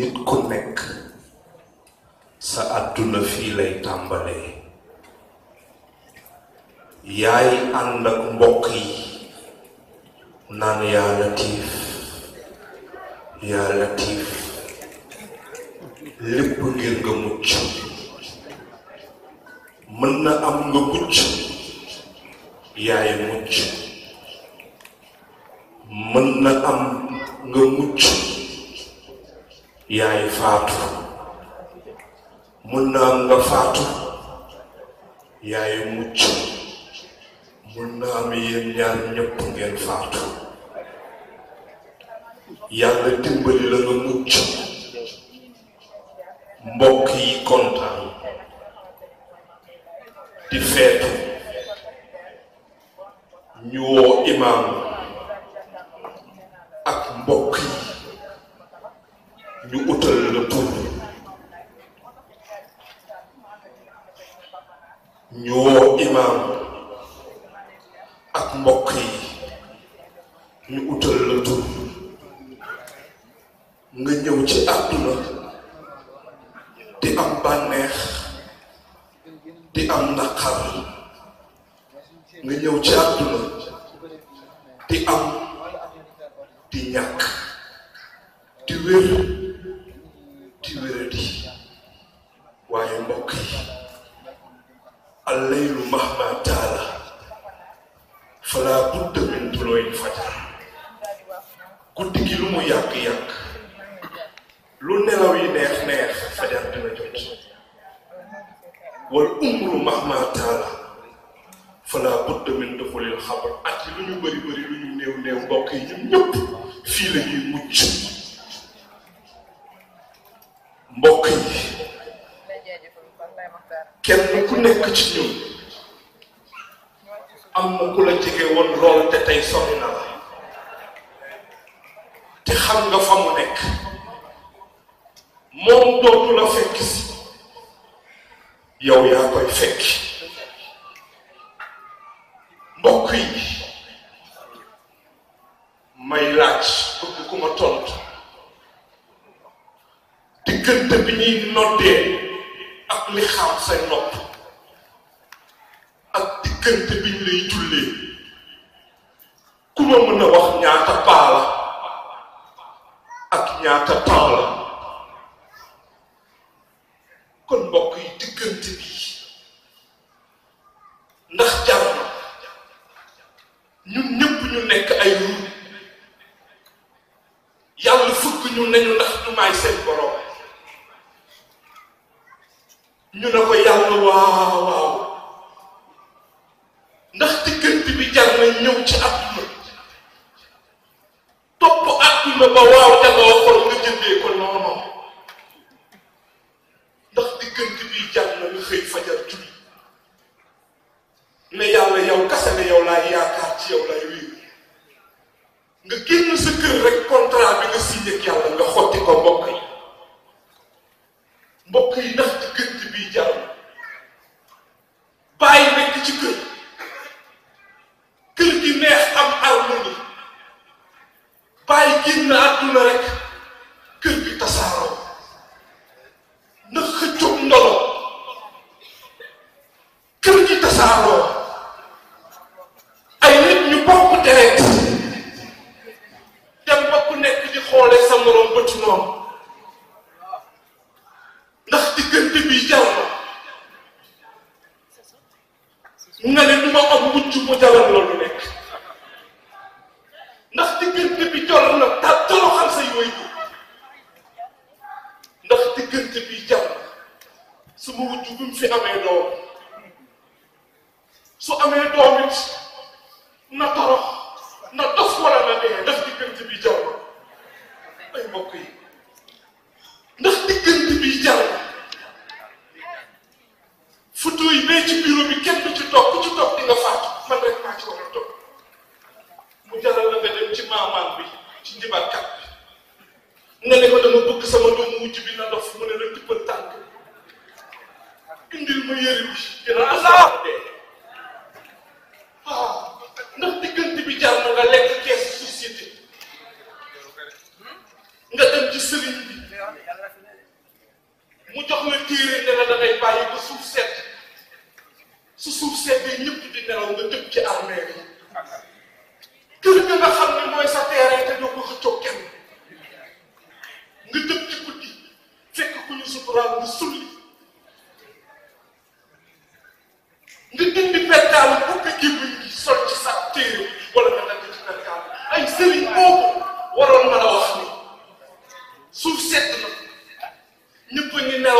nit ku nekk sa àdduna fii lay tàmbalee yaay ànd ak mbokk yi naan yaa latiif yaa latiif lépp ngir nga mucc mën na am nga mucc yaay mucc mën na am nga mucc yaay faatu mun naa am nga faatu yaay mucc mun naa am yéen ñëpp ngeen faatu yàlla dimbali la nga mucc mbokk yi kontaan di feetu ñu woo imaam ak mbokk ñu utal la tur ñu woo imaam ak utal la tur nga ñëw ci àdduna di am bànneex di am naqar nga ñëw ci àdduna di am di ñàkk di wér الليل مهما تالا فلا بد من طلوع الفجر guddi gi lu mu yàq-yàq lu nelaw yi neex-neex fajar dina jot wal umru mahma taala fala budda min duxulil at lu ñu bëri bëri lu ñu néew néew mbokk yi ñun ñëpp fii la mujj nekk ci ñun am na ku la jege woon lool te tey sori na la te xam nga fa mu nekk moom dootu la fekk si yow yaa koy fekk mbokk yi may laaj bëgg ku ma tontu diggante bi ñuy noddee ak li xam say nopp diggante bi ñu lay jullee ku ma mën a wax ñaata paa la ak ñaata temps la ndax diggante bi jar na ñëw ci àdduna topp àdduna ba waaw yàlla waxoon nga jëndee ko noonu ndax diggante bi jar na nga xëy fajar julli ne yàlla yow kase ne yow yaakaar ci yow laay wéeru nga génn sa kër rek contrat bi nga signé yàlla nga xotti ko mbokk yi mbokk yi ndax bàyyi génn na àdduna rek kër gi tasaaroo na xëccoog ndolo kër gi tasaaroo ay nit ñu bokk deret dem ba ku nekk di xoolee sa morom bëtu noonu ndax diggante bi jar na nga ne du ma am mucc mu jaral loolu nekk jollof nag ta tolo xam say ndax diggante bi jàmm suma wujju bi mu fi amee doom su amee doom na torox na dof wala na dee ndax diggante bi jàmm ay mbokk bee ci bureau bi kenn ci toog ci toog di nga mujj bi na dof mu ne la tippal tànk indil ma yëri bi dinaa saa dee waaw ah, ndax bi jar na nga lekk kees société nga dem ci bi mu jox la téere ne la di nelaw nga tëb ci armée bi kër nga nga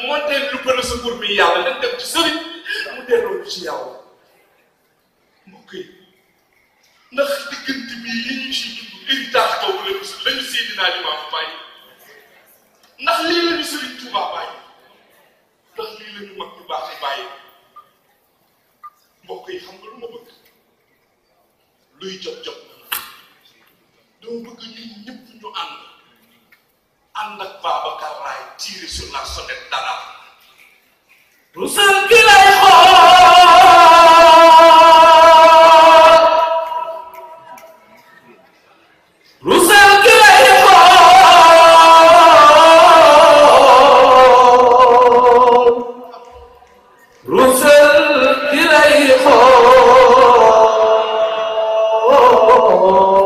moom moo teen lu bëri sa nguur mi yàlla dañ ci sëriñ mu delloo ci yàlla mbokk yi ndax diggante bii yi ñu si dund héritage boobu lañu lañu Seydina Limaamu bàyyi ndax lii lañu Sëriñ Tuuba bàyyi ndax lii lañu mag ñu baax ñu bàyyi xam nga lu ma bëgg luy jot jot dama bëgg ñun ñëpp ñu ànd. anak ak karai ciri tiré sur darah rusak d'alarme rusal Oh, oh, oh, oh.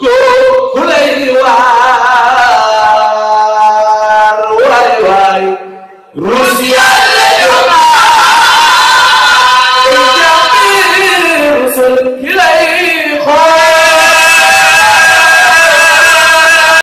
Go, go!